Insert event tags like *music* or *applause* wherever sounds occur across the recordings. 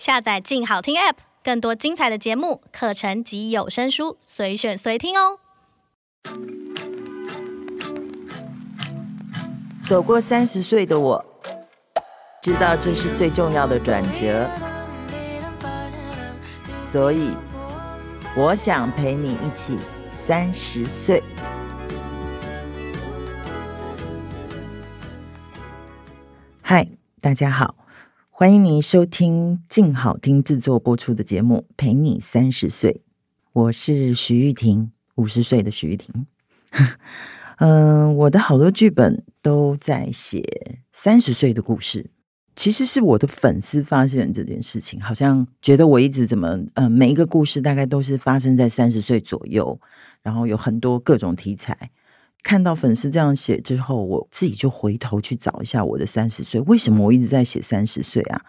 下載“靜好聽 ”App，更多精彩的節目、課程及有聲書，隨選隨聽哦。走過三十歲的我，知道這是最重要的轉折，所以我想陪你一起三十歲。嗨，大家好。歡迎你收聽靜好聽制作播出的節目《陪你三十歲》，我是徐玉婷，五十歲的徐玉婷。嗯、 *laughs* 呃，我的好多劇本都在寫三十歲的故事，其實是我的粉絲發現這件事情，好像覺得我一直怎麼，嗯、呃，每一個故事大概都是發生在三十歲左右，然後有很多各種題材。看到粉絲這樣寫之後，我自己就回頭去找一下我的三十歲。為什麼我一直在寫三十歲啊？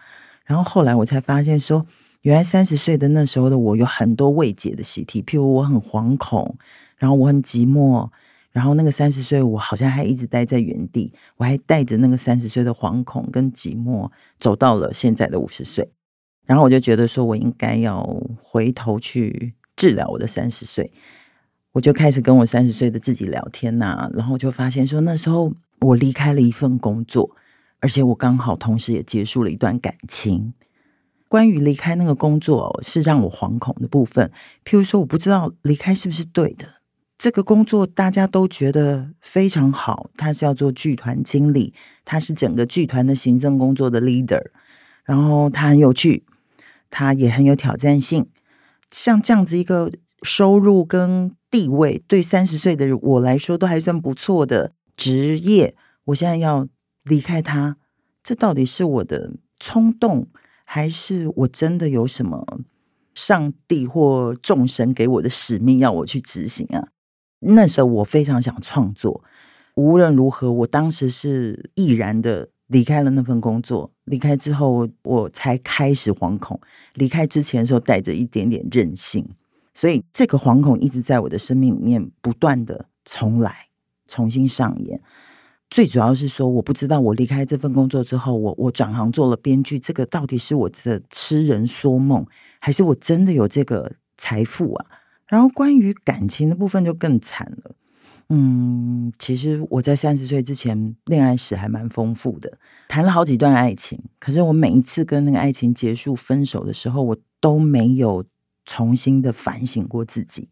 然後後來我才發現說，原來三十歲的那時候的我有很多未解的習題，譬如，我很惶恐，然後我很寂寞，然後那個三十歲我好像還一直待在原地，我還帶着那個三十歲的惶恐跟寂寞走到了現在的五十歲。然後我就覺得，說我應該要回頭去治療我的三十歲。我就開始跟我三十歲的自己聊天吶、啊，然後就發現說那時候我離開了一份工作，而且我剛好同時也結束了一段感情。關於離開那個工作、哦、是讓我惶恐的部分，譬如說我不知道離開是不是對的。這個工作大家都覺得非常好，他是要做劇團經理，他是整個劇團的行政工作的 leader，然後他很有趣，他也很有挑戰性，像這樣子一個收入跟地位對三十歲的我來說都還算不錯的職業。我現在要離開他，這到底是我的衝動，還是我真的有什麼上帝或眾神給我的使命要我去執行啊？那時候我非常想創作，無論如何，我當時是毅然的離開了那份工作。離開之後，我才開始惶恐。離開之前的時候，帶着一點點任性。所以這個惶恐一直在我的生命裡面不斷地重來，重新上演。最主要是說，我不知道我離開這份工作之後，我我轉行做了編劇，這個到底是我的痴人說夢，還是我真的有這個財富啊？然後關於感情的部分就更慘了。嗯，其實我在三十歲之前戀愛史還蠻豐富的，談了好幾段愛情。可是我每一次跟那個愛情結束分手的時候，我都沒有。重新的反省過自己，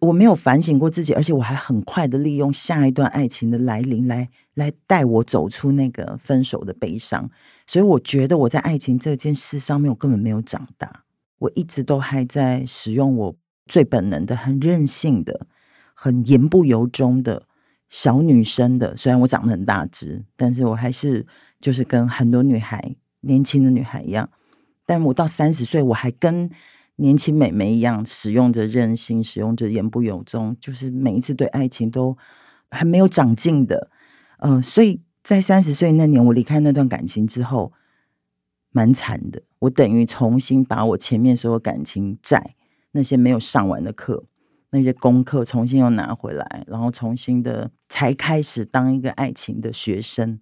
我沒有反省過自己，而且我還很快的利用下一段愛情的來臨來，來來帶我走出那個分手的悲傷。所以我覺得我在愛情這件事上面，我根本沒有長大，我一直都還在使用我最本能的、很任性的、很言不由衷的小女生的。雖然我長得很大隻，但是我還是就是跟很多女孩、年輕的女孩一樣。但我到三十歲，我還跟。年輕美眉一樣，使用着任性，使用着言不由衷，就是每一次對愛情都還沒有長進的，嗯、呃，所以在三十歲那年，我離開那段感情之後，蠻慘的。我等於重新把我前面所有感情債、那些沒有上完的課、那些功課重新又拿回來，然後重新的才開始當一個愛情的學生。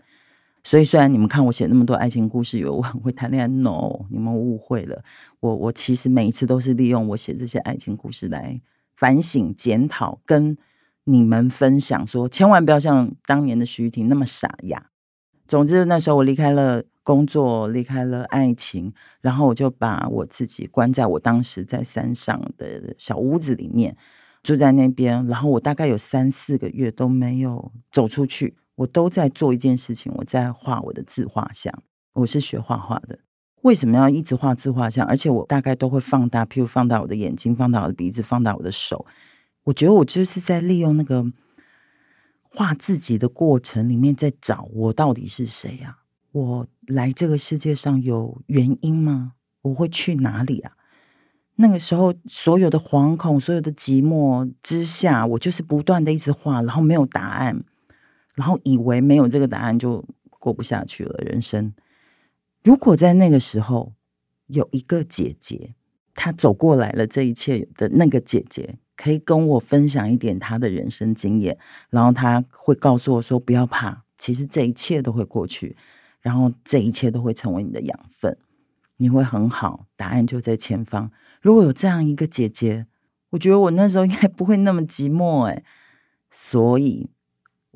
所以，雖然你們看我寫那麼多愛情故事，以為我很會談戀愛，no，你們誤會了。我我其實每一次都是利用我寫這些愛情故事來反省、檢討，跟你們分享說，說千萬不要像當年的徐玉婷那麼傻呀。總之，那時候我離開了工作，離開了愛情，然後我就把我自己關在我當時在山上的小屋子裡面，住在那邊，然後我大概有三四個月都沒有走出去。我都在做一件事情，我在畫我的自畫像。我是學畫畫的，為什麼要一直畫自畫像？而且我大概都會放大，譬如放大我的眼睛，放大我的鼻子，放大我的手。我覺得我就是在利用那個畫自己的過程裡面，在找我到底是誰呀？我來這個世界上有原因嗎？我會去哪裡啊？那個時候所有的惶恐、所有的寂寞之下，我就是不斷的一直畫，然後沒有答案。然後以為沒有這個答案就過不下去了。人生，如果在那個時候有一個姐姐，她走過來了這一切的那個姐姐，可以跟我分享一點她的人生經驗，然後她會告訴我說：“不要怕，其實這一切都會過去，然後這一切都會成為你的養分，你會很好，答案就在前方。”如果有這樣一個姐姐，我覺得我那時候應該不會那麼寂寞欸，所以。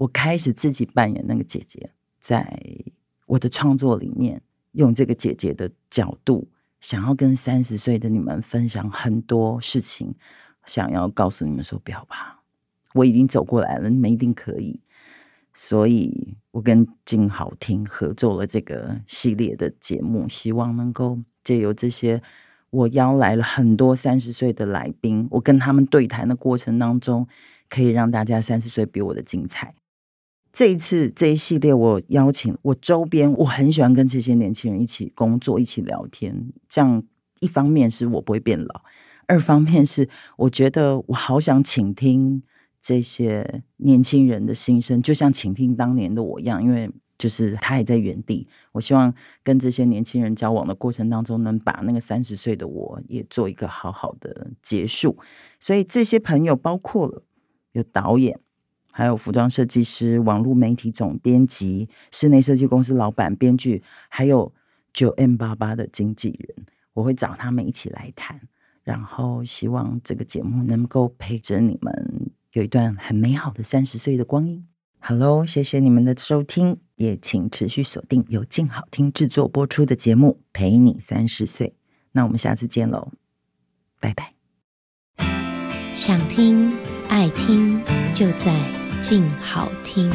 我開始自己扮演那個姐姐，在我的創作裡面，用這個姐姐的角度，想要跟三十歲的你們分享很多事情，想要告訴你們說：不要怕，我已經走過來了，你們一定可以。所以，我跟鏡好聽合作了這個系列的節目，希望能夠借由這些，我邀來了很多三十歲的來賓，我跟他們對談的過程當中，可以讓大家三十歲比我的精彩。這一次這一系列，我邀請我周邊，我很喜歡跟這些年輕人一起工作，一起聊天。這樣一方面是我不會變老，二方面是我覺得我好想傾聽這些年輕人的心聲，就像傾聽當年的我一樣。因為就是他也在原地，我希望跟這些年輕人交往的過程當中，能把那個三十歲的我也做一個好好的結束。所以這些朋友包括了有導演。還有服裝設計師、網絡媒體總編輯、室內設計公司老闆、編劇，還有 9m88 的經紀人，我會找他們一起來談。然後希望這個節目能夠陪着你們有一段很美好的三十歲的光陰。Hello，謝謝你們的收聽，也請持續鎖定由鏡好聽製作播出的節目《陪你三十歲》。那我們下次見嘍，拜拜。想聽愛聽就在。靜好聽。